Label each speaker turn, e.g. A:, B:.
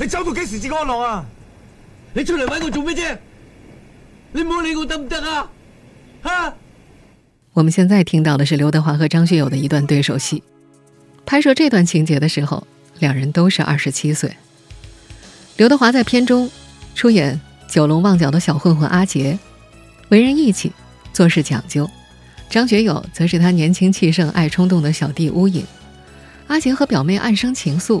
A: 你走到幾時至安樂啊？你出嚟搵我做咩啫？你唔好理
B: 我得唔得啊？啊，我們現在聽到的是劉德華和張學友的一段對手戲。拍攝這段情節的時候，兩人都是二十七歲。劉德華在片中出演九龍旺角的小混混阿杰，為人義氣，做事講究。張學友則是他年輕氣盛、愛衝動的小弟烏影。阿杰和表妹暗生情愫。